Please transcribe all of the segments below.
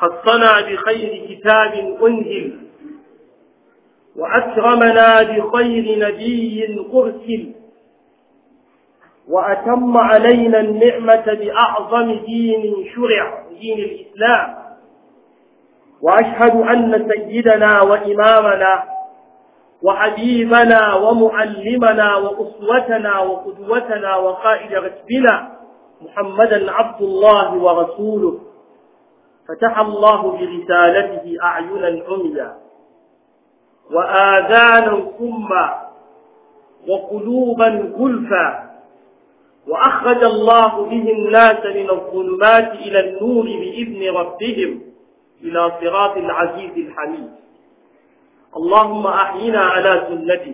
خصنا بخير كتاب أنزل وأكرمنا بخير نبي أرسل وأتم علينا النعمة بأعظم دين شرع دين الإسلام وأشهد أن سيدنا وإمامنا وحبيبنا ومعلمنا وأسوتنا وقدوتنا وقائد ركبنا محمدا عبد الله ورسوله فتح الله برسالته أعينا عميا وآذانا كما وقلوبا غلفا وأخرج الله به الناس من الظلمات إلى النور بإذن ربهم إلى صراط العزيز الحميد اللهم أحينا على سنته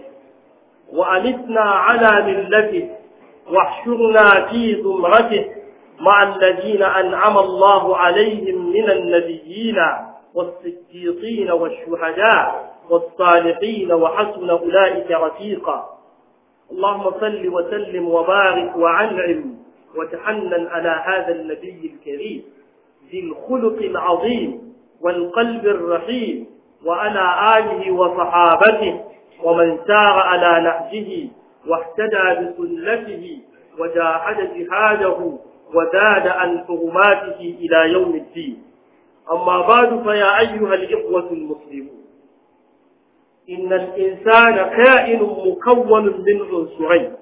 وأمتنا على ملته واحشرنا في زمرته مع الذين أنعم الله عليهم من النبيين والصديقين والشهداء والصالحين وحسن أولئك رفيقا اللهم صل وسلم وبارك وعنعم وتحنن على هذا النبي الكريم ذي الخلق العظيم والقلب الرحيم وعلى آله وصحابته ومن سار على نهجه واهتدى بسنته وجاهد جهاده وداد عن حرماته إلى يوم الدين أما بعد فيا أيها الإخوة المسلمون إن الإنسان كائن مكون من عنصرين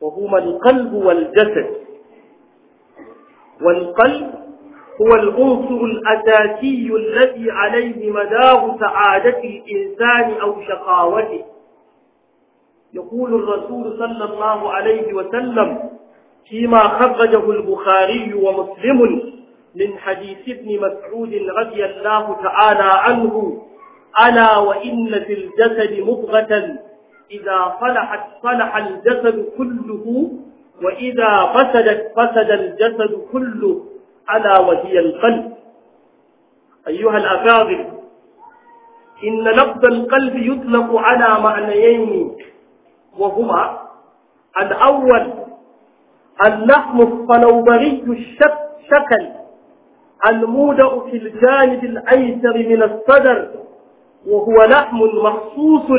وهما القلب والجسد والقلب هو العنصر الأساسي الذي عليه مدار سعادة الإنسان أو شقاوته يقول الرسول صلى الله عليه وسلم فيما خرجه البخاري ومسلم من حديث ابن مسعود رضي الله تعالى عنه ألا وإن في الجسد مضغة إذا صلحت صلح الجسد كله وإذا فسدت فسد الجسد كله ألا وهي القلب أيها الأفاضل إن لفظ القلب يطلق على معنيين وهما الأول اللحم الصنوبري الشكل المودع في الجانب الأيسر من الصدر وهو لحم مخصوص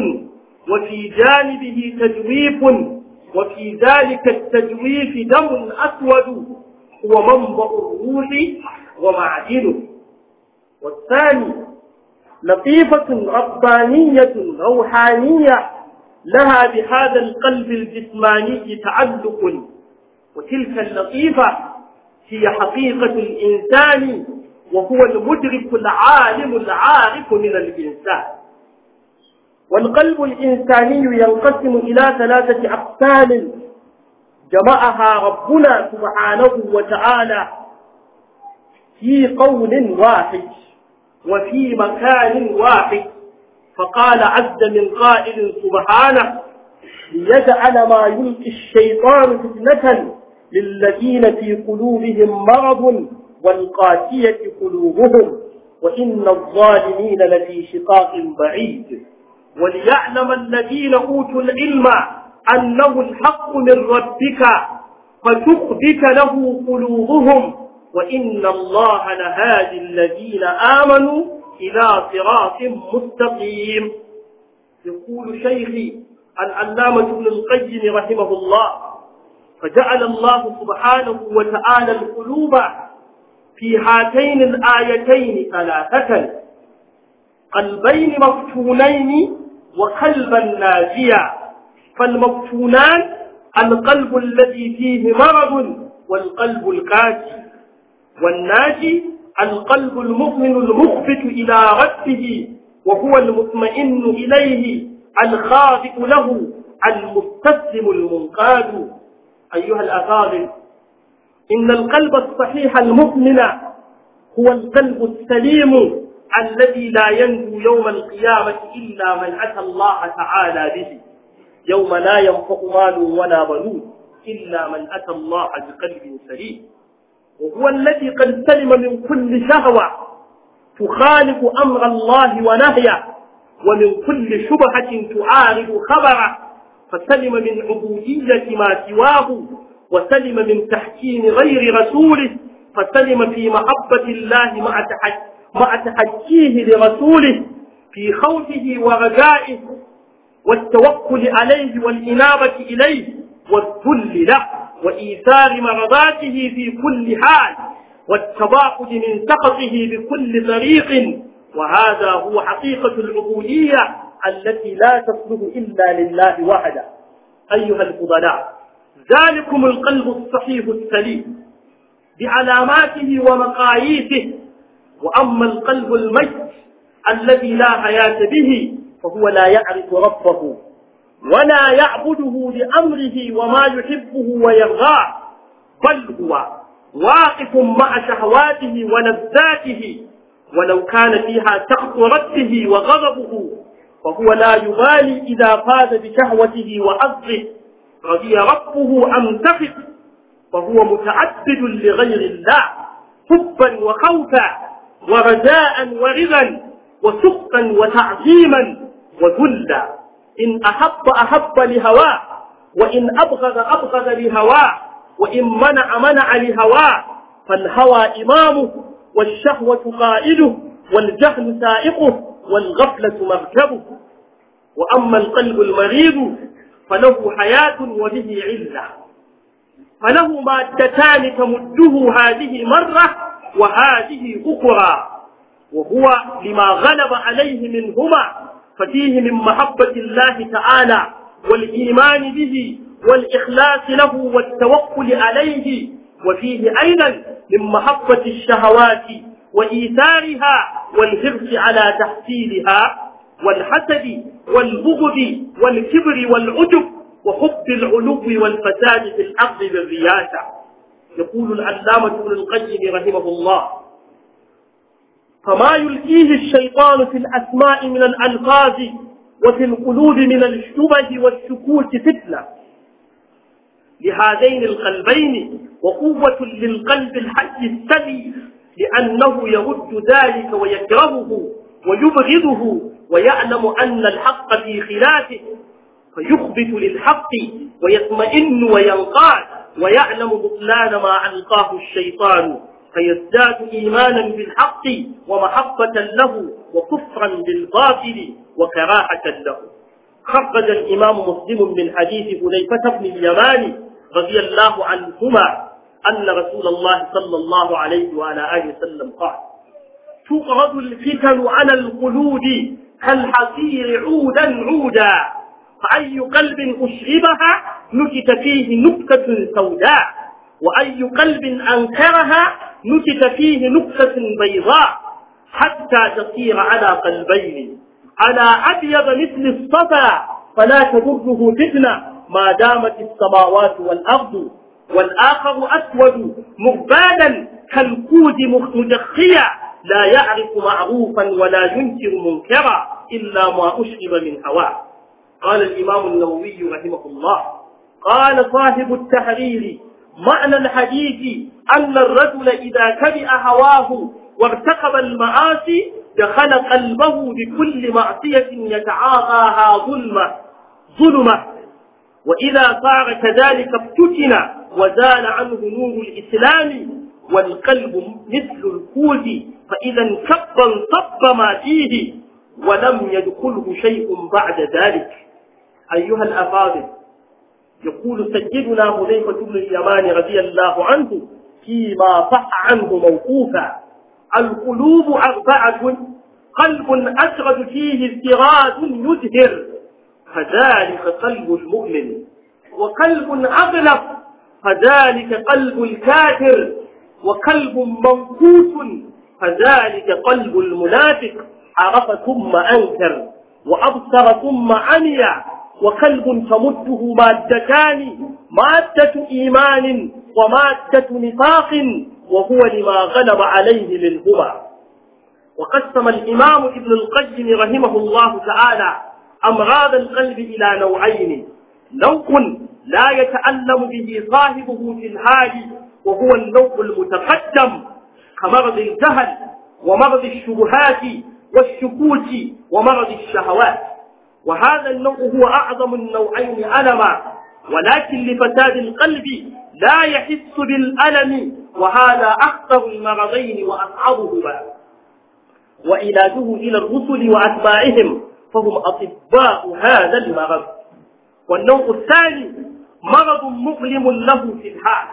وفي جانبه تجويف وفي ذلك التجويف دم أسود هو منبع الروح ومعدنه والثاني لطيفة ربانية روحانية لها بهذا القلب الجسماني تعلق وتلك اللطيفة هي حقيقة الإنسان وهو المدرك العالم العارف من الإنسان والقلب الإنساني ينقسم إلى ثلاثة أقسام جمعها ربنا سبحانه وتعالى في قول واحد وفي مكان واحد فقال عز من قائل سبحانه ليجعل ما يلقي الشيطان فتنة للذين في قلوبهم مرض والقاسية قلوبهم وإن الظالمين لفي شقاق بعيد وليعلم الذين أوتوا العلم أنه الحق من ربك فتخبت له قلوبهم وإن الله لهادي الذين آمنوا إلى صراط مستقيم يقول شيخي العلامة ابن القيم رحمه الله فجعل الله سبحانه وتعالى القلوب في هاتين الآيتين ثلاثة قلبين مفتونين وقلبا ناجيا فالمفتونان القلب الذي فيه مرض والقلب الكاجي والناجي القلب المؤمن المخبت إلى ربه وهو المطمئن إليه الخاضع له المستسلم المنقاد أيها الأفاضل إن القلب الصحيح المؤمن هو القلب السليم الذي لا ينجو يوم القيامة إلا من أتى الله تعالى به يوم لا ينفق مال ولا بنون إلا من أتى الله بقلب سليم وهو الذي قد سلم من كل شهوة تخالف أمر الله ونهيه ومن كل شبهة تعارض خبره فسلم من عبودية ما سواه وسلم من تحكيم غير رسوله فسلم في محبة الله مع مع تحكيه لرسوله في خوفه ورجائه والتوكل عليه والإنابة إليه والذل له وإيثار مرضاته في كل حال والتباعد من سخطه بكل طريق وهذا هو حقيقة العبودية التي لا تصلح إلا لله وحده أيها الفضلاء ذلكم القلب الصحيح السليم بعلاماته ومقاييسه وأما القلب الميت الذي لا حياة به فهو لا يعرف ربه ولا يعبده لأمره وما يحبه ويرغاه بل هو واقف مع شهواته ولذاته ولو كان فيها سخط ربه وغضبه فهو لا يبالي إذا فاز بشهوته وعظه رضي ربه أم تفق فهو متعبد لغير الله حبا وخوفا ورجاء ورضا وسقا وتعظيما وذلا إن أحب أحب لهواه وإن أبغض أبغض لهواه وإن منع منع لهواه فالهوى إمامه والشهوة قائده والجهل سائقه والغفلة مركبه وأما القلب المريض فله حياة وبه علة فله مادتان تمده هذه مرة وهذه أخرى وهو لما غلب عليه منهما ففيه من محبة الله تعالى والإيمان به والإخلاص له والتوكل عليه وفيه أيضا من محبة الشهوات وإيثارها والحرص على تحصيلها والحسد والبغض والكبر والعجب وحب العلو والفساد في الأرض بالرياسة يقول العلامة ابن القيم رحمه الله فما يلقيه الشيطان في الأسماء من الألفاظ وفي القلوب من الشبه والشكوك فتنة لهذين القلبين وقوة للقلب الحي السلي لأنه يرد ذلك ويكرهه ويبغضه ويعلم أن الحق في خلافه فيخبت للحق ويطمئن وينقاد ويعلم بطلان ما ألقاه الشيطان فيزداد إيمانا بالحق ومحبة له وكفرا بالباطل وكراهة له خرج الإمام مسلم من حديث حذيفة بن اليمان رضي الله عنهما أن رسول الله صلى الله عليه وعلى آله وسلم قال تقرض الفتن على القلود كالحصير عودا عودا فأي قلب أشربها نكت فيه نكتة سوداء وأي قلب أنكرها نكت فيه نكتة بيضاء حتى تصير على قلبين على أبيض مثل الصفا فلا تضره فتنة ما دامت السماوات والأرض والآخر أسود مغبالا كالقود مجخيا لا يعرف معروفا ولا ينكر منكرا إلا ما أشرب من هواه قال الإمام النووي رحمه الله قال صاحب التحرير معنى الحديث أن الرجل إذا كبئ هواه وارتقب المعاصي دخل قلبه بكل معصية يتعاطاها ظلمة ظلمة وإذا صار كذلك افتتن وزال عنه نور الإسلام والقلب مثل الكوز فإذا انكب انصب ما فيه ولم يدخله شيء بعد ذلك أيها الأفاضل يقول سيدنا حذيفة بن اليمان رضي الله عنه فيما صح عنه موقوفا القلوب أربعة قلب أسرد فيه ازدراد يزهر فذلك قلب المؤمن وقلب أغلق فذلك قلب الكافر وقلب منقوص فذلك قلب المنافق عرف ثم أنكر وأبصر ثم عمي وقلب تمده مادتان مادة إيمان ومادة نفاق وهو لما غلب عليه منهما وقسم الإمام ابن القيم رحمه الله تعالى أمراض القلب إلى نوعين نوع لا يتألم به صاحبه في الحال وهو النوع المتقدم كمرض الجهل ومرض الشبهات والشكوك ومرض الشهوات وهذا النوع هو أعظم النوعين ألما ولكن لفساد القلب لا يحس بالألم وهذا أخطر المرضين وأصعبهما وإلاجه إلى الرسل وأتباعهم فهم أطباء هذا المرض والنوع الثاني مرض مؤلم له في الحال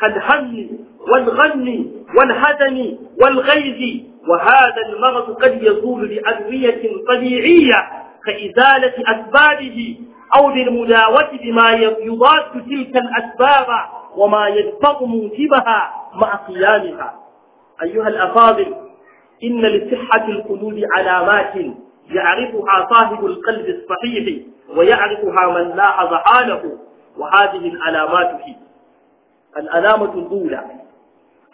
كالهم والغم والهدم والغيظ وهذا المرض قد يزول بأدوية طبيعية كإزالة أسبابه أو للمداوة بما يضاد تلك الأسباب وما يدفع موجبها مع قيامها أيها الأفاضل إن لصحة القلوب علامات يعرفها صاحب القلب الصحيح ويعرفها من لاحظ حاله وهذه العلامات هي العلامة الأولى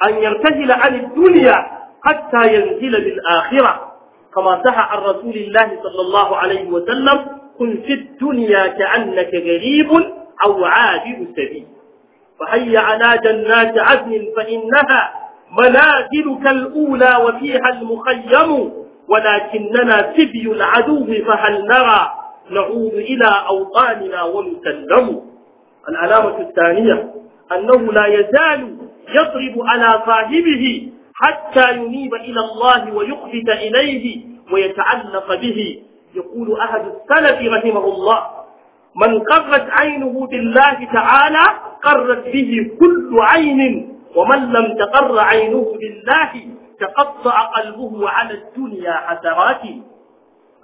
أن يرتجل عن الدنيا حتى ينزل بالآخرة كما صح عن رسول الله صلى الله عليه وسلم كن في الدنيا كأنك غريب أو عابر سبيل فهيا على جنات عدن فإنها منازلك الأولى وفيها المخيم ولكننا سبي العدو فهل نرى نعود إلى أوطاننا ونسلم العلامة الثانية أنه لا يزال يضرب على صاحبه حتى ينيب إلى الله ويخفت إليه ويتعلق به يقول أحد السلف رحمه الله من قرت عينه بالله تعالى قرت به كل عين ومن لم تقر عينه بالله تقطع قلبه على الدنيا حسرات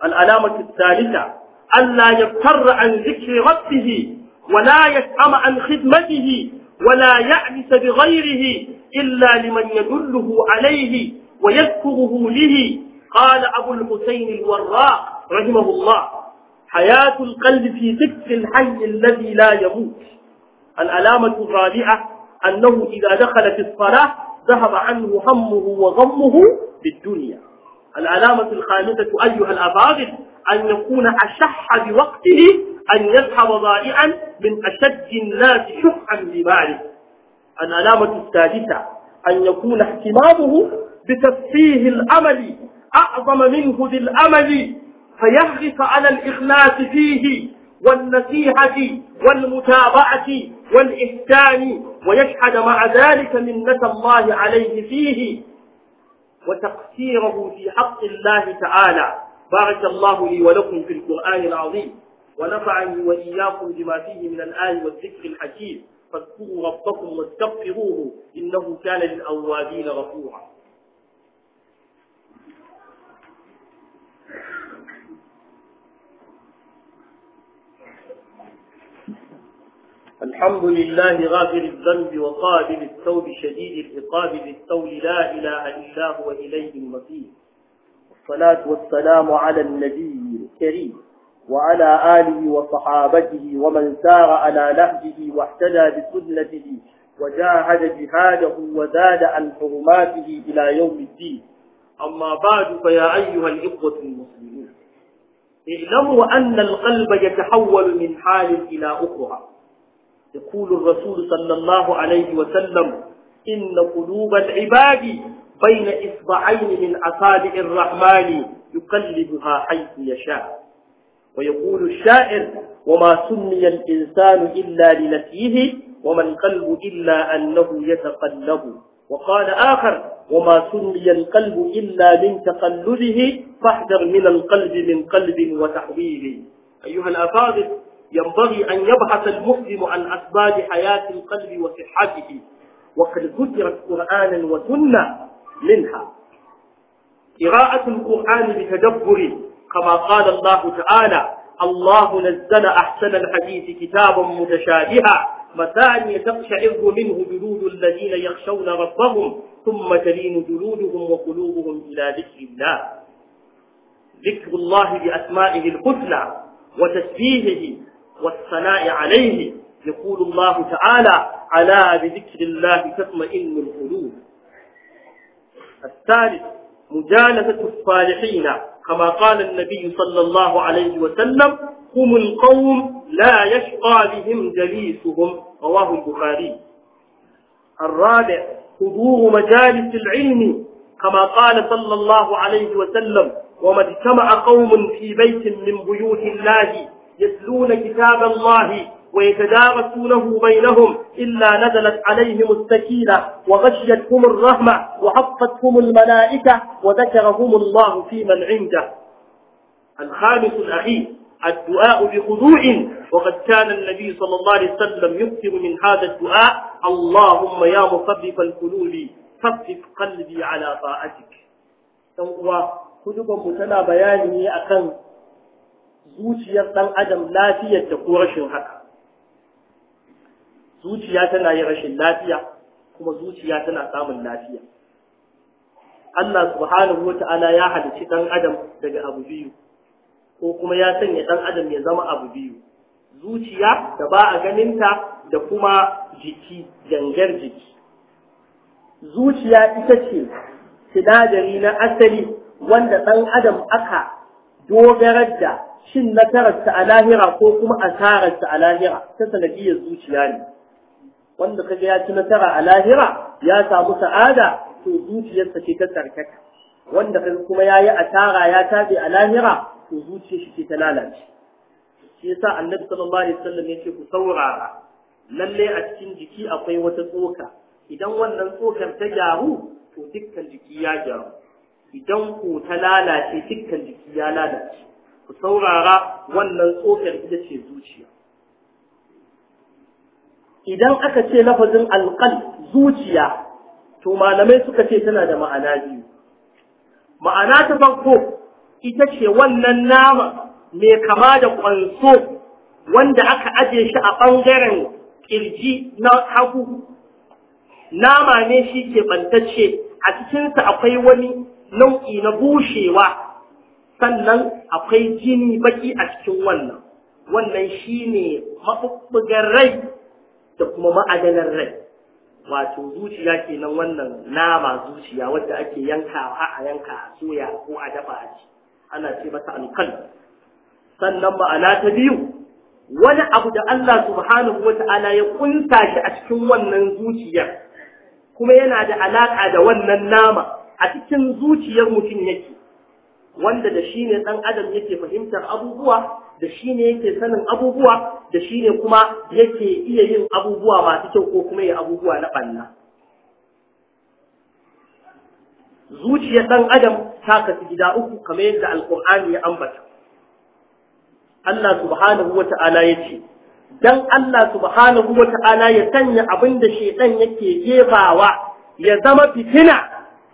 العلامة الثالثة ألا يضطر عن ذكر ربه ولا يسأم عن خدمته ولا يأنس بغيره إلا لمن يدله عليه ويذكره له قال أبو الحسين الوراق رحمه الله حياة القلب في ذكر الحي الذي لا يموت العلامة الرابعة أنه إذا دخل في الصلاة ذهب عنه همه وغمه بالدنيا العلامة الخامسة أيها الأفاضل أن يكون أشح بوقته أن يذهب ضائعا من أشد الناس شحا بماله العلامة السادسة أن يكون اهتمامه بتسفيه الأمل أعظم منه ذي الأمل فيحرص على الإخلاص فيه والنصيحة والمتابعة والإحسان ويشهد مع ذلك منة الله عليه فيه وتقصيره في حق الله تعالى بارك الله لي ولكم في القرآن العظيم ونفعني وإياكم بما فيه من الآي والذكر الحكيم فاذكروا ربكم واستغفروه إنه كان للأوابين غفورا الحمد لله غافر الذنب وقابل التوب شديد العقاب للتول لا إله إلا هو إليه المصير والصلاة والسلام على النبي الكريم وعلى آله وصحابته ومن سار على نهجه واحتدى بسنته وجاهد جهاده وزاد عن حرماته إلى يوم الدين أما بعد فيا أيها الإخوة المسلمون اعلموا أن القلب يتحول من حال إلى أخرى يقول الرسول صلى الله عليه وسلم إن قلوب العباد بين إصبعين من أصابع الرحمن يقلبها حيث يشاء ويقول الشاعر وما سمي الإنسان إلا لنسيه وما القلب إلا أنه يتقلب وقال آخر وما سمي القلب إلا من تقلبه فاحذر من القلب من قلب وتحويله أيها الأفاضل ينبغي أن يبحث المسلم عن أسباب حياة القلب وصحته وقد ذكرت قرآنا وسنة منها قراءة القرآن بتدبر كما قال الله تعالى الله نزل أحسن الحديث كتابا متشابها مثاني تقشعر منه جلود الذين يخشون ربهم ثم تلين جلودهم وقلوبهم إلى ذكر الله ذكر الله بأسمائه الحسنى وتسبيحه والثناء عليه يقول الله تعالى على بذكر الله تطمئن القلوب الثالث مجالسة الصالحين كما قال النبي صلى الله عليه وسلم هم القوم لا يشقى بهم جليسهم رواه البخاري الرابع حضور مجالس العلم كما قال صلى الله عليه وسلم وما اجتمع قوم في بيت من بيوت الله يتلون كتاب الله ويتدارسونه بينهم إلا نزلت عليهم السكينة وغشيتهم الرحمة وحفتهم الملائكة وذكرهم الله في من عنده الخامس الأخير الدعاء بخضوع وقد كان النبي صلى الله عليه وسلم يكثر من هذا الدعاء اللهم يا مصرف القلوب صرف قلبي على طاعتك kudubanmu tana bayani ne akan zuciyar أدم لا تيجي تقول ko rashin zuciya tana yi rashin lafiya kuma zuciya tana samun lafiya Allah subhanahu wata'ala ya halicci dan adam daga abu biyu ko kuma ya sanya dan adam ya zama abu biyu zuciya da ba a ta da kuma jiki gangar jiki zuciya ita ce sinadari na asali wanda dan adam aka dogarar da shin nasararsa a lahira ko kuma asararsa a lahira ta sanadiyar zuciya ne wanda kaga ya ci nasara a lahira ya samu sa'ada to zuciyarsa ce ta tsarkaka wanda kuma ya yi asara ya tabe a lahira to zuciyar shi ce ta lalace shi yasa annabi sallallahu alaihi wasallam yake ku saurara lalle a cikin jiki akwai wata tsoka idan wannan tsokar ta gyaru to dukkan jiki ya gyaru idan ku ta lalace dukkan jiki ya lalace ku saurara wannan tsokar ita ce zuciya idan aka ce lafazin alƙal zuciya to malamai suka ce tana da ma'ana biyu ma'ana ta farko ita ce wannan nama mai kama da ƙwanso wanda aka aje shi a ɓangaren ƙirji na hagu nama ne shi ke bantacce a cikinsa akwai wani nau'i na bushewa sannan akwai jini baki a cikin wannan wannan shine maɓuɓɓugar rai da kuma ma'adanar rai wato zuciya kenan wannan nama zuciya wadda ake yankawa a yanka a soya ko a dafa a ci ana ce masa alkal sannan ma'ana ta biyu wani abu da Allah subhanahu wa ta'ala ya kunta shi a cikin wannan zuciyar kuma yana da alaka da wannan nama a cikin zuciyar mutum yake wanda da shi ne ɗan adam yake fahimtar abubuwa da shi ne yake sanin abubuwa da shi ne kuma yake iya yin abubuwa masu kyau ko kuma ya abubuwa na ɓanna zuciyar ɗan adam ta kasu gida uku kamar yadda alkur'ani ya ambata Allah subhanahu wa ta'ala ya ce don Allah subhanahu wa ta'ala ya sanya abin da shaiɗan yake jefawa ya zama fitina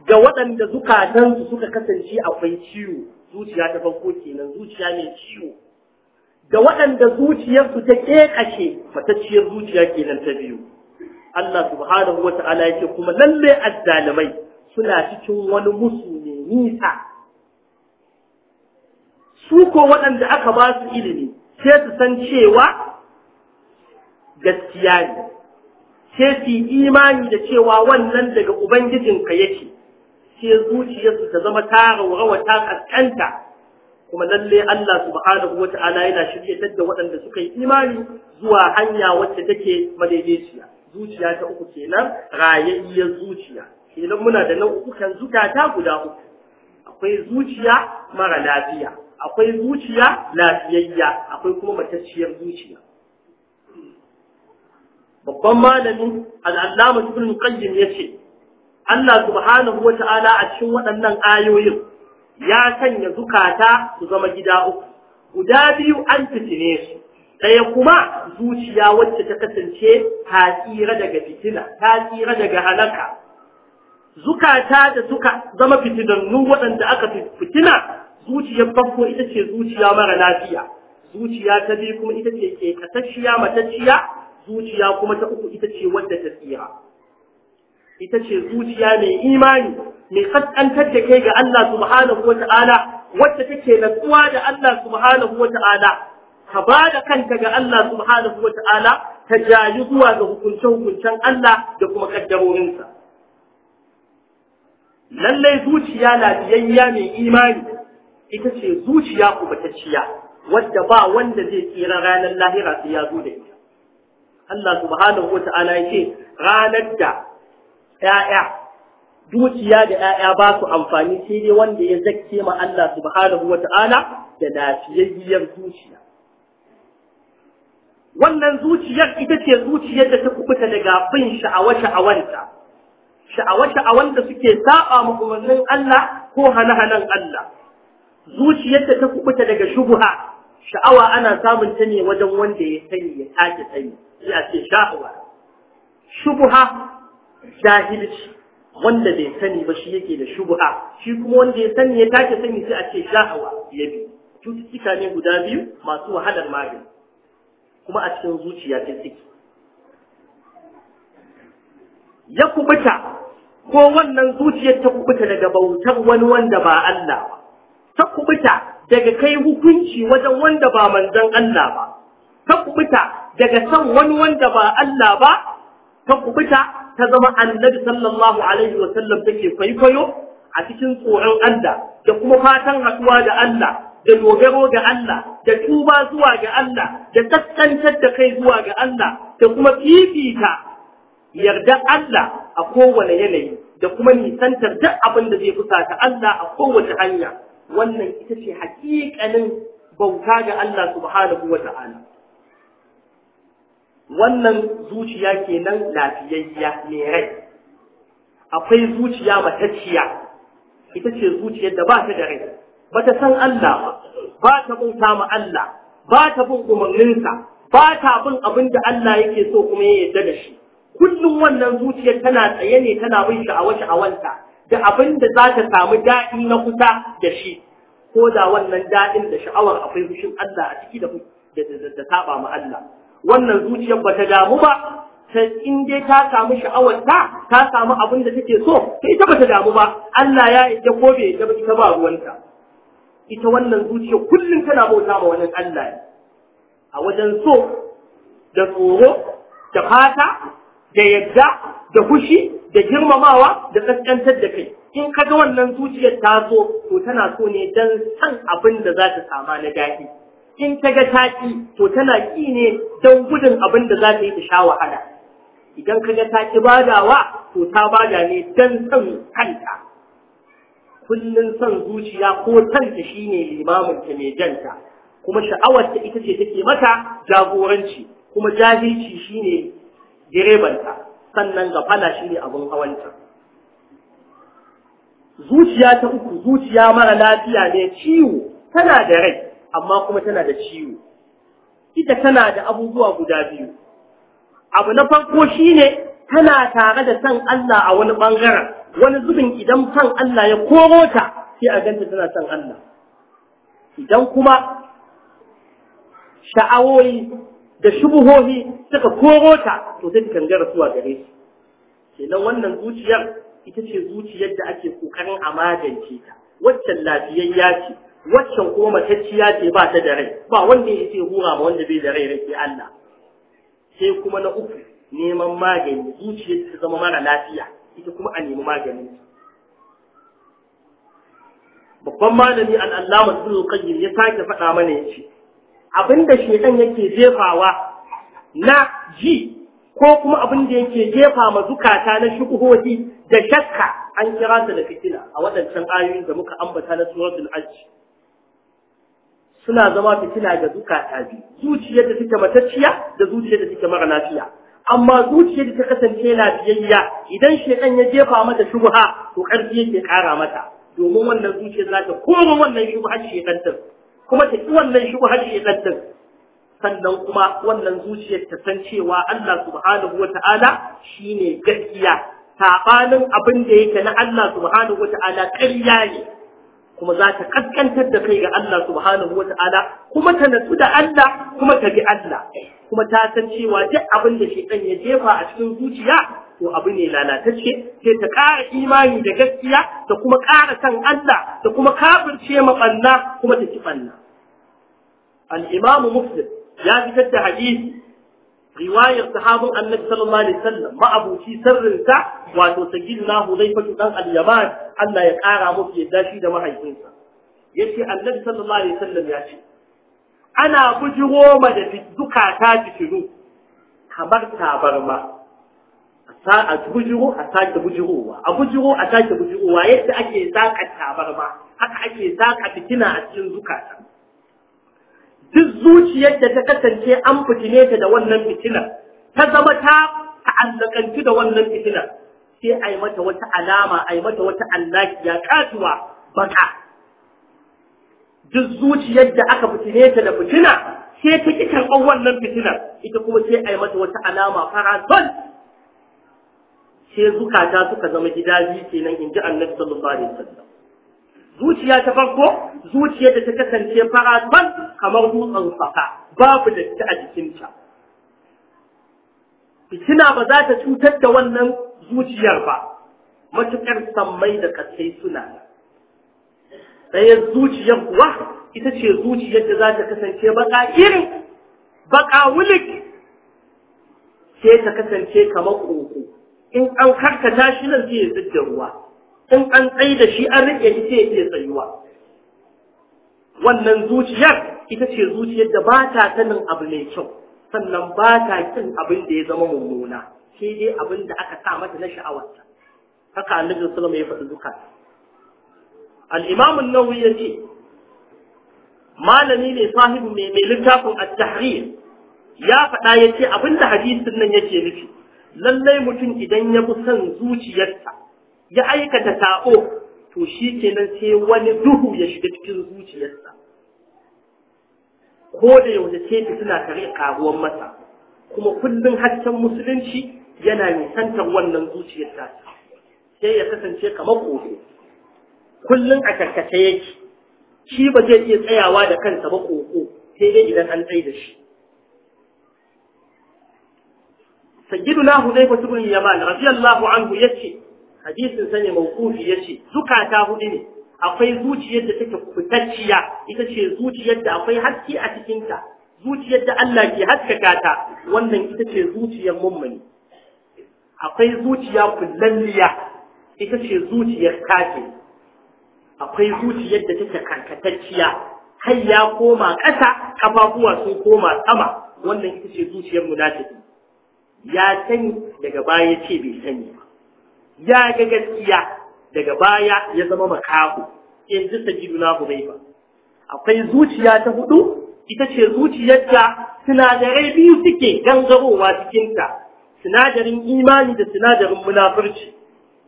ga waɗanda zukatansu suka kasance akwai ciwo zuciya ta farko kenan zuciya mai ciwo da waɗanda zuciyarsu ta ƙeƙashe matacciyar zuciya kenan ta biyu Allah subhanahu wa ta'ala yake kuma lalle azzalimai suna cikin wani musu ne nisa su ko waɗanda aka ba su ilimi sai su san cewa gaskiya ne sai su imani da cewa wannan daga ubangijinka yake sai zuciyarsu ta zama ta raurawa ta kaskanta kuma lalle Allah subhanahu ta'ala yana shiryatar da waɗanda suka yi imani zuwa hanya wacce take madaidaiciya zuciya ta uku kenan rayayyar zuciya kenan muna da nau'ukan zukata guda uku akwai zuciya mara lafiya akwai zuciya lafiyayya akwai kuma matacciyar zuciya babban malamin al'allama ibn qayyim yace Allah subhanahu ta'ala a cikin waɗannan ayoyin ya sanya zukata su zama gida uku guda biyu an fitine su ɗaya kuma zuciya wacce ta kasance ta tsira daga fitina ta tsira daga halaka zukata da suka zama fitinannu waɗanda aka fitina zuciyar farko ita ce zuciya mara lafiya zuciya ta biyu kuma ita ce ke matacciya zuciya kuma ta uku ita ce wadda ta tsira ita ce zuciya mai imani mai kaskantar da kai ga Allah subhanahu wata'ala wacce take natsuwa da Allah subhanahu wata'ala ka ba da kanta ga Allah subhanahu wata'ala ta jayi zuwa ga hukunce-hukuncen Allah da kuma kaddarorinsa lallai zuciya lafiyayya mai imani ita ce zuciya kubatacciya wadda ba wanda zai tsira ranar lahira sai ya zo da ita Allah subhanahu wata'ala ya ce ranar da 'ya'ya dukiya da 'ya'ya ba su amfani sai dai wanda ya zakke ma Allah subhanahu wata'ala da lafiyayyiyar zuciya wannan zuciyar ita ce zuciyar da ta kubuta daga bin sha'awa-sha'awanta sha'awa-sha'awanta suke saɓa ma umarnin Allah ko hana-hanan Allah zuciyar da ta kubuta daga shubuha sha'awa ana samun ta ne wajen wanda ya sani ya take sani ya ce sha'awa shubuha jahilci wanda bai sani ba shi yake da shubu'a. shi kuma wanda ya sani ya take sani sai a ce sha'awa ya bi cututtuka ne guda biyu masu wahalar magani kuma a cikin zuciya ta ciki ya kubuta ko wannan zuciyar ta kubuta daga bautar wani wanda ba Allah ba ta kubuta daga kai hukunci wajen wanda ba manzon Allah ba ta kubuta daga san wani wanda ba Allah ba ta kubuta ta zama annabi sallallahu alaihi wa sallam take kwaikwayo a cikin tsoron Allah da kuma fatan haɗuwa da Allah da dogaro ga Allah da tuba zuwa ga Allah da kaskantar da kai zuwa ga Allah da kuma fifita yarda Allah a kowane yanayi da kuma nisantar duk abin da zai fusata Allah a kowace hanya wannan ita ce hakikanin bauta ga Allah subhanahu wa ta'ala wannan zuciya kenan lafiyayya mai rai akwai zuciya matacciya ita ce zuciyar da ba ta da rai ba ta san Allah ba ba ta bauta ma Allah ba ta bin umarninsa ba ta bin abin da Allah yake so kuma ya yarda da shi kullum wannan zuciyar tana tsaye ne tana bin sha'awa sha'awanta da abin da za ta samu daɗi na kusa da shi ko da wannan daɗin da sha'awar akwai fushin Allah a ciki da da saba ma Allah wannan zuciyar ba ta damu ba ta in dai ta samu sha'awar ta samu abin da take so sai ita ba ta damu ba Allah ya yi ko bai ba ita ba ruwanta ita wannan zuciyar kullum tana bauta ma wannan Allah a wajen so da tsoro da fata da yadda da fushi da girmamawa da kaskantar da kai in ka ga wannan zuciyar ta so to tana so ne don san abin da za ta sama na daɗi in ta ga taƙi to tana ƙi ne don gudun abin da za ta yi ta sha wahala idan ka ga taƙi badawa to ta bada ne don son kanta kullun son zuciya ko kanta shine limamin ta mai janta kuma sha'awar ta ita ce take mata jagoranci kuma jahilci shine direbanta sannan gafala shine abin hawanta zuciya ta uku zuciya mara lafiya ne ciwo tana da rai amma kuma tana da ciwo ita tana da abubuwa guda biyu abu na farko shine tana tare da san Allah a wani bangaren wani zubin idan san Allah ya koro ta sai a ganta tana san Allah idan kuma sha'awoyi da shubuhohi suka koro ta to sai ta gangara zuwa gare shi kenan wannan zuciyar ita ce zuciyar da ake kokarin a magance ta waccan lafiyayya ce waccan kuma matacciya ce ba ta da rai ba wanda ya ce hura ma wanda bai da rai rai Allah sai kuma na uku neman magani zuciya ta zama mara lafiya ita kuma a nemi magani babban malami al'allama ibnu qayyim ya sake faɗa mana yace abinda shedan yake jefawa na ji ko kuma abin da yake jefa ma zukata na shukuhoti da shakka an kira ta da fitila a waɗancan ayoyin da muka ambata na suratul hajj suna zama fitina ga zukata biyu zuciyar da take matacciya da zuciyar da take mara lafiya amma zuciyar da ta kasance lafiyayya idan shekan ya jefa mata shubha to karfi yake kara mata domin wannan zuciyar za ta koma wannan shubhar shekan kuma ta ƙi wannan shubhar shekan sannan kuma wannan zuciyar ta san cewa Allah subhanahu shi shine gaskiya saɓanin abin da yake na Allah subhanahu wata'ala ƙarya ne kuma za ta kaskantar da kai ga Allah subhanahu wata'ala kuma ta natsu da Allah kuma ta bi Allah kuma ta san cewa duk abin da ɗan ya jefa a cikin zuciya to abu ne lalatacce sai ta ƙara imani da gaskiya ta kuma ƙara san Allah ta kuma kafirce maɓanna kuma ta ci ɓanna al-imam muslim ya fitar da hadisi riwayar sahabin annabi sallallahu alaihi wasallam ma'abuci sirrinsa wato sayyidina hudayfa dan al-yaman Allah ya ƙara musu yadda shi da mahaifinsa yace annabi sallallahu alaihi wasallam ya ce ana bujiro ma da ta fitilu kamar tabarma a bujiro a sake bujirowa a bujiro a sake bujirowa yadda ake zaka tabarma haka ake zaka fitina a cikin zukata duk zuciyar da ta kasance an fitine ta da wannan fitina, ta zama ta ta'allakanci da wannan fitinar sai a yi mata wata alama a yi mata wata allakiya kasuwa baka duk zuciyar da aka fitine ta da fitina sai ta ki karɓar wannan fitinar ita kuma sai a yi mata wata alama faraton sai zukata suka zama gida biyu kenan in ji annabi sallallahu alaihi wasallam zuciya ta farko zuciyar da ta kasance faraton kamar dutsen saka babu datti a jikinta fitina ba za ta cutar da wannan zuciyar ba matuƙar sammai da kasai suna ɗaya zuciyar kuwa ita ce zuciyar da za ta kasance baka irin baka wulik sai ta kasance kamar koko in an karkata shi nan zai ya ruwa in an tsaye da shi an rike shi sai ya tsayuwa wannan zuciyar ita ce zuciyar da ba ta sanin abu mai kyau sannan ba ta kin abin da ya zama mummuna shi dai abin da aka sa mata na sha'awarta haka annabi sallallahu ya faɗi duka al-imam an-nawawi yace malami ne sahibu mai mai littafin at-tahrir ya faɗa ya ce abin da hadisin nan yake nufi lallai mutum idan ya fi son zuciyarsa ya aikata sa'o to shi kenan sai wani duhu ya shiga cikin zuciyarsa ko da yaushe sai suna tare karuwar masa kuma kullum hasken musulunci yana nisantar wannan zuciyar ta sai ya kasance kamar kofi kullum a karkace yake shi ba zai iya tsayawa da kansa ba koko sai dai idan an tsaye da shi sayyiduna hudayfa ibn yaman radiyallahu anhu yace hadisin ya ce yace zukata hudu ne akwai zuciyar da take fitacciya ita ce zuciyar da akwai haske a cikinta zuciyar da Allah ke haskaka ta wannan ita ce zuciyar mummuni akwai zuciya kullalliya ita ce zuciyar kafin akwai zuciyar da take karkatacciya kai ya koma ƙasa kafafuwa sun koma sama wannan ita ce zuciyar munafiki ya sani daga baya ce bai sani ba ya ga gaskiya daga baya ya zama makaho in ji sajiduna ba akwai zuciya ta hudu ita ce zuciyar da sinadarai biyu suke gangarowa cikinta sinadarin imani da sinadarin munafurci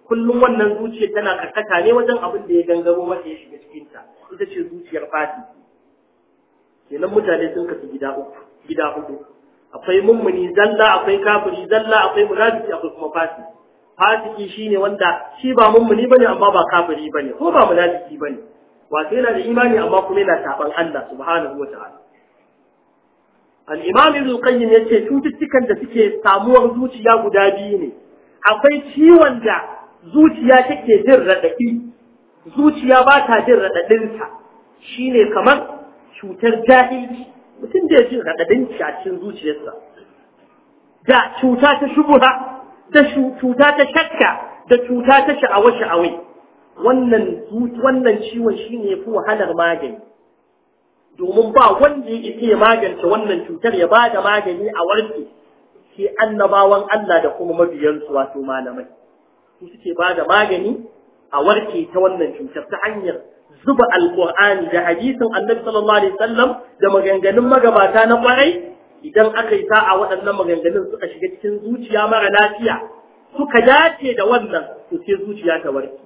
kullum wannan zuciyar tana karkata ne wajen abin da ya gangaro wanda ya shiga cikinta ita ce zuciyar fadi kenan mutane sun kasu gida uku gida hudu akwai mummuni zalla akwai kafiri zalla akwai munafiki akwai kuma fasi fasiki shine wanda shi ba mummuni bane amma ba kafiri bane ko ba munafiki bane wato yana da imani amma kuma yana taban Allah subhanahu wataala al'imam ibn qayyim yace cututtukan da suke samuwar zuciya guda biyu ne akwai ciwon da zuciya take jin radadi zuciya ba ta jin radadin sa shine kamar cutar jahilci mutum da jin radadin shi a cikin zuciyarsa da cuta ta shubuha da cuta ta shakka da cuta ta sha'awa sha'awai wannan wannan ciwon shine yafi wahalar magani domin ba wanda ya iya magance wannan cutar ya ba da magani a warke sai annabawan Allah da kuma mabiyansu wato malamai su suke ba da magani a warke ta wannan cutar ta hanyar zuba alƙur'ani da hadisin annabi sallallahu alaihi wasallam da maganganun magabata na kwarai idan aka yi sa'a waɗannan maganganun suka shiga cikin zuciya mara lafiya suka dace da wannan to sai zuciya ta warke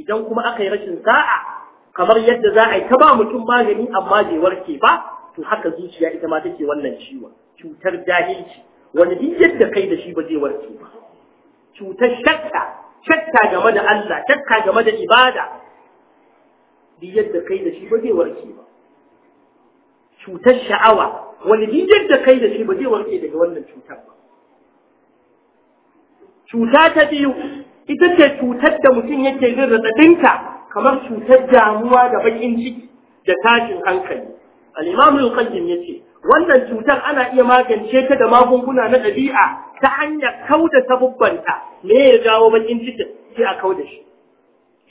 idan kuma aka yi rashin sa'a kamar yadda za a yi ta ba mutum magani amma bai warke ba to haka zuciya ita ma take wannan ciwon cutar jahilci wani duk yadda kai da shi ba zai warke ba cutar shakka shakka game da Allah shakka game da ibada duk yadda kai da shi ba zai warke ba cutar sha'awa wani duk yadda kai da shi ba zai warke daga wannan cutar ba cuta ta biyu ita ce cutar da mutum yake jin raɗaɗinta kamar cutar damuwa da bakin ciki da tashin hankali al-imam al-qayyim yace wannan cutar ana iya magance ta da magunguna na ɗabi'a ta hanyar kauda sabubbanta me ya jawo bakin ciki sai a kauda shi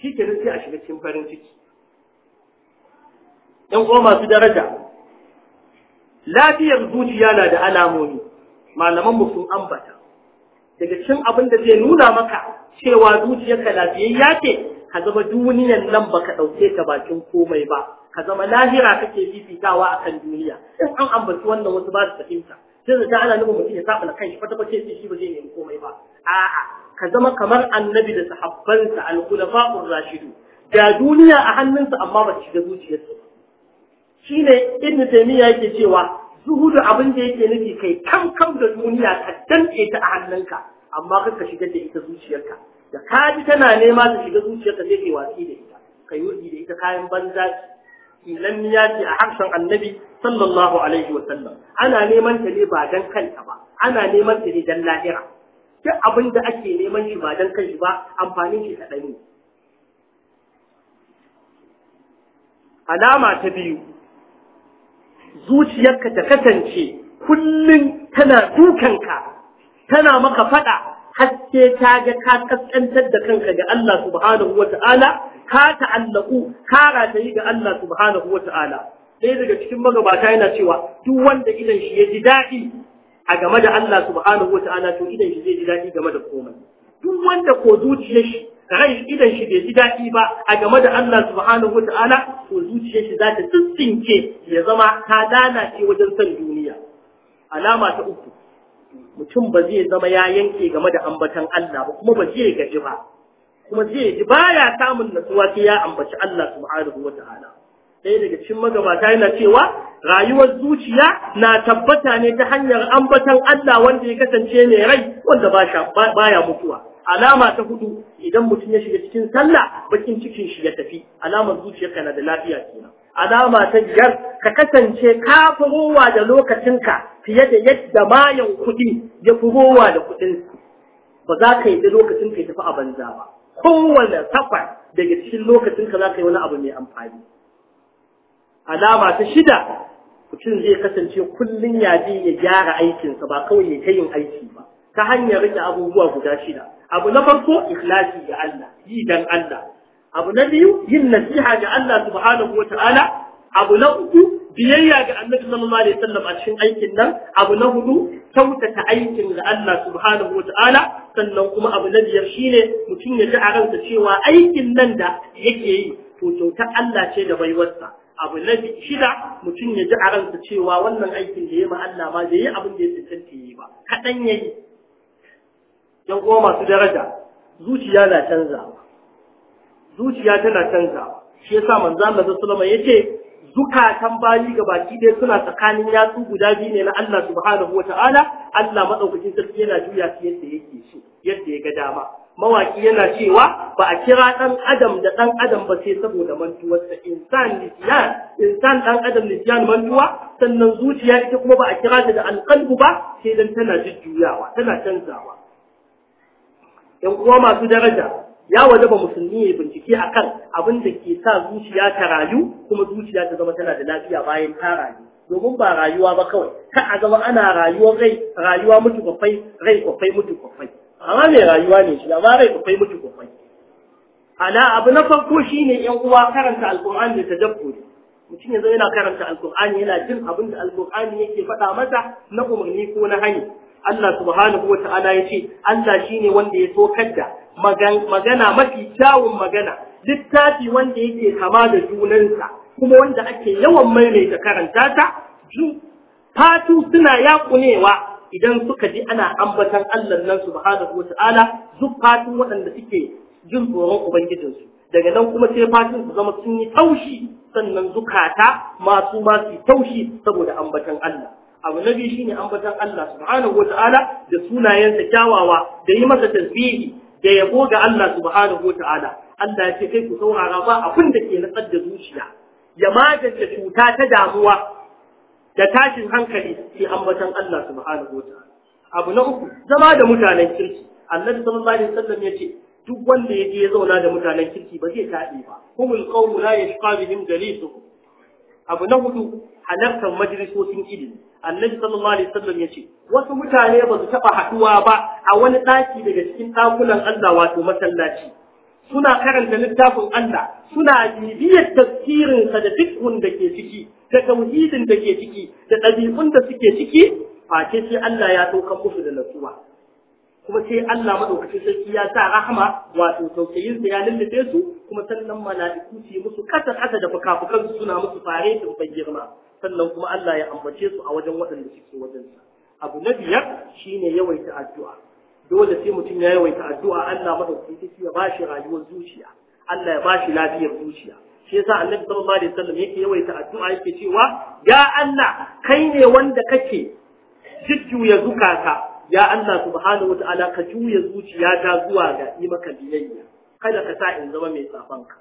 shi ke sai a shiga cikin farin ciki yan uwa masu daraja lafiyar zuciya na da alamomi malaman mu sun ambata daga cin abin da zai nuna maka cewa zuciyarka lafiyayya ce ka zama duniyan nan baka ɗauke ta bakin komai ba ka zama lahira kake fifitawa akan duniya in an ambaci wannan wasu ba su fahimta sai da ana nufin mutum ya saba da kanshi kwata kwata sai shi ba zai nemi komai ba a'a ka zama kamar annabi da sahabbansa al-khulafa'ur rashidu da duniya a hannunsa amma ba shiga zuciyarsa shine ibnu taymiya yake cewa zuhudu abin da yake nufi kai kam kam da duniya ka danke ta a hannunka amma ka shigar da ita zuciyarka da ka tana nema ta shiga zuciyarka sai kai watsi da ita kai wuri da ita kayan banza ya ce a harshen annabi sallallahu alaihi wa sallam ana neman ta ne ba dan kanta ba ana neman ta ne dan lahira duk abin da ake neman shi ba dan kanshi ba amfanin shi kaɗan ne alama ta biyu zuciyarka ta kasance kullum tana dukanka tana maka faɗa haske ta ga ka kaskantar da kanka ga Allah subhanahu wa ta'ala ka ta'allaku ka ratayi ga Allah subhanahu wa ta'ala sai daga cikin magabata yana cewa duk wanda idan shi ya ji daɗi a game da Allah subhanahu wa ta'ala to idan shi zai ji daɗi game da komai duk wanda ko zuciyar shi rai idan shi bai ji daɗi ba a game da Allah subhanahu wa ta'ala to zuciyar shi za ta tsintsinke ya zama ta dana lalace wajen san duniya alama ta uku mutum ba zai zama ya yanke game da ambatan Allah ba kuma ba zai gaji ba kuma zai ji baya samun natsuwa sai ya ambaci Allah subhanahu wataala Sai daga cikin magabata yana cewa rayuwar zuciya na tabbata ne ta hanyar ambatan Allah wanda ya kasance mai rai wanda ba baya mutuwa alama ta hudu idan mutum ya shiga cikin sallah bakin cikin shi ya tafi alamar zuciya kana da lafiya kenan alama ta biyar ka kasance ka furowa da lokacinka fiye da yadda mayan kuɗi ya fi rowa da kuɗinsa ba za ka yi da lokacin ka tafi a banza ba kowane takwas daga cikin lokacin ka za ka yi wani abu mai amfani alama ta shida mutum zai kasance kullum ya je ya gyara aikinsa ba kawai ya ta yin aiki ba ta hanyar rike abubuwa guda shida abu na farko ikhlasi ga Allah yi dan Allah abu na biyu yin nasiha ga Allah subhanahu wataala abu na uku biyayya ga annabi sallallahu alaihi wasallam a cikin aikin nan abu na hudu kyautata aikin ga Allah subhanahu wataala sannan kuma abu na biyar shine mutum ya ji a ransa cewa aikin nan da yake yi to kyauta Allah ce da baiwarsa abu na shida mutum ya ji a ransa cewa wannan aikin da ya ma Allah ma bai yi abin da ya ya yi ba kaɗan ya yi yan uwa masu daraja zuciya na canzawa zuciya tana canzawa shi yasa manzo Allah sallallahu alaihi wasallam yace zukatan bayi ga baki ɗaya suna tsakanin yatsu guda biyu ne na Allah subhanahu wa ta'ala Allah madaukakin sarki yana juya su yadda yake so yadda ya ga dama mawaki yana cewa ba a kira dan adam da dan adam ba sai saboda mantuwar sa insan nisyan insan dan adam nisyan mantuwa sannan zuciya ita kuma ba a kira ta da alqalbu ba sai dan tana jujjuyawa tana canzawa yan uwa masu daraja ya wajaba ba musulmi ya bincike akan abin da ke sa zuciya ta rayu kuma zuciya ta zama tana da lafiya bayan ta rayu domin ba rayuwa ba kawai ta a zama ana rayuwar rai rayuwa mutu kwafai rai kwafai mutu kwafai amma mai rayuwa ne shi amma rai kwafai mutu kwafai Ana abu na farko shine yan uwa karanta alkurani da tadabburi mutum yanzu yana karanta alkur'ani yana jin abin da alkur'ani yake faɗa masa na umarni ko na hani Allah subhanahu wata'ala ya ce Allah ne wanda ya sokar da magana mafi kyawun magana littafi wanda yake kama da junansa kuma wanda ake yawan maimaita karanta ta fatu suna yakunewa idan suka ji ana ambatan Allah nan subhanahu wata'ala duk fatu waɗanda suke jin tsoron ubangijinsu daga nan kuma sai fatun su zama sun yi taushi sannan zukata masu masu taushi saboda ambatan Allah abu na biyu shine ambatan Allah subhanahu wataala da sunayensa kyawawa da yi masa tasbihi da yabo ga Allah subhanahu wataala Allah ya ce kai ku saurara ba abin da ke nutsar da zuciya ya magance cuta ta damuwa da tashin hankali sai ambatan Allah subhanahu wataala abu na uku zama da mutanen kirki Annabi sallallahu alaihi wasallam ya ce duk wanda ya je zauna da mutanen kirki ba zai taɗe ba humul qawmu la yashqa bihim jalisuhum abu na hudu halartar majalisotin ilimi annabi sallallahu alaihi wasallam yace wasu mutane ba su taba haduwa ba a wani daki daga cikin dakunan Allah wato masallaci suna karanta littafin Allah suna bibiyar tafsirin sa da fikhun da ke ciki da tauhidin da ke ciki da dabi'un da suke ciki face sai Allah ya dauka musu da natsuwa, kuma sai Allah madaukakin sarki ya sa rahama wato tausayin sa ya lullube su kuma sannan mala'iku su yi musu kasa kasa da fukafukan suna musu fare ban girma sannan kuma Allah ya ambace su a wajen waɗanda suke wajensa abu na biyar shine yawaita addu'a dole sai mutum ya yawaita addu'a Allah madaukakin sarki ya bashi rayuwar zuciya Allah ya bashi lafiyar zuciya shi yasa Annabi zama alaihi wasallam yake yawaita addu'a yake cewa ya Allah kai ne wanda kake jujjuya zukata ya Allah subhanahu wataala ka juya zuciya ta zuwa ga yi maka biyayya kada ka sa in zama mai safanka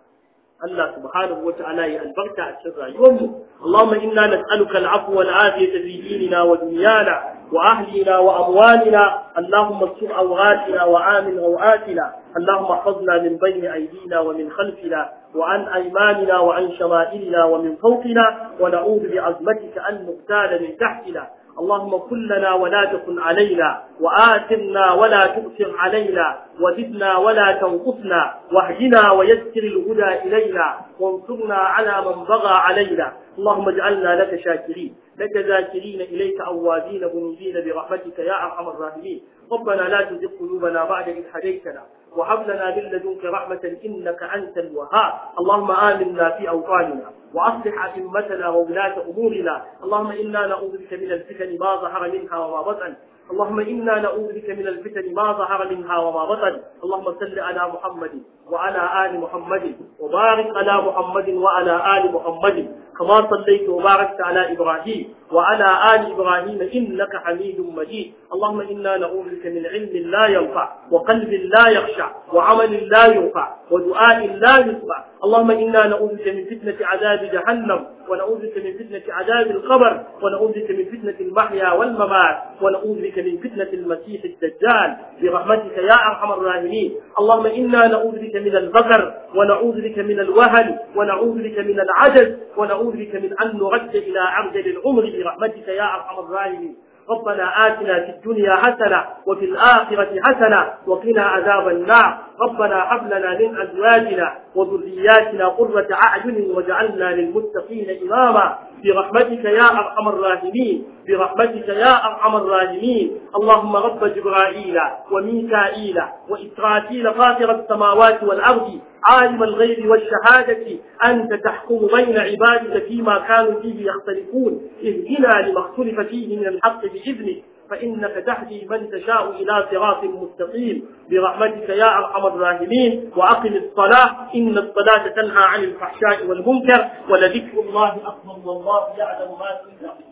الله سبحانه وتعالى ينبغت أسرع يومه اللهم إنا نسألك العفو والعافية في ديننا ودنيانا وأهلنا وأموالنا اللهم اصر أوغاتنا وآمن أوآتنا اللهم احفظنا من بين أيدينا ومن خلفنا وعن أيماننا وعن شمائلنا ومن فوقنا ونعوذ بعظمتك أن نغتال من تحتنا اللهم كن لنا ولا تكن علينا وآتنا ولا تؤثر علينا وزدنا ولا تنقصنا واهدنا ويسر الهدى إلينا وانصرنا على من بغى علينا اللهم اجعلنا لك شاكرين لك ذاكرين إليك أوابين منيبين برحمتك يا أرحم الراحمين ربنا لا تزغ قلوبنا بعد إذ هديتنا وهب لنا من لدنك رحمة إنك أنت الوهاب اللهم آمنا في أوطاننا وأصلح أئمتنا وولاة أمورنا اللهم إنا نعوذ بك من الفتن ما ظهر منها وما بطن اللهم إنا نعوذ بك من الفتن ما ظهر منها وما بطن اللهم صل على محمد وعلى آل محمد وبارك على محمد وعلى آل محمد كما صليت وباركت على إبراهيم وعلى آل إبراهيم إنك حميد مجيد اللهم إنا نعوذ بك من علم لا ينفع وقلب لا يخشع وعمل لا ينفع ودعاء لا يسمع اللهم إنا نعوذ بك من فتنة عذاب جهنم ونعوذ بك من فتنة عذاب القبر ونعوذ بك من فتنة المحيا والممات ونعوذ بك من فتنة المسيح الدجال برحمتك يا أرحم الراحمين اللهم إنا نعوذ بك من البقر ونعوذ بك من الوهن ونعوذ بك من العجز ونعوذ بك من أن نرد إلى عرجل العمر برحمتك يا أرحم الراحمين ربنا آتنا في الدنيا حسنة وفي الآخرة حسنة وقنا عذاب النار ربنا هب لنا من أزواجنا وذرياتنا قرة أعين وجعلنا للمتقين إماما برحمتك يا أرحم الراحمين برحمتك يا أرحم الراحمين اللهم رب جبرائيل وميكائيل وإسرافيل فاطر السماوات والأرض عالم الغيب والشهادة أنت تحكم بين عبادك فيما كانوا فيه يختلفون اهدنا لما اختلف فيه من الحق بإذنك فإنك تهدي من تشاء إلى صراط مستقيم برحمتك يا أرحم الراحمين وأقم الصلاة إن الصلاة تنهى عن الفحشاء والمنكر ولذكر الله أكبر والله يعلم ما تنزل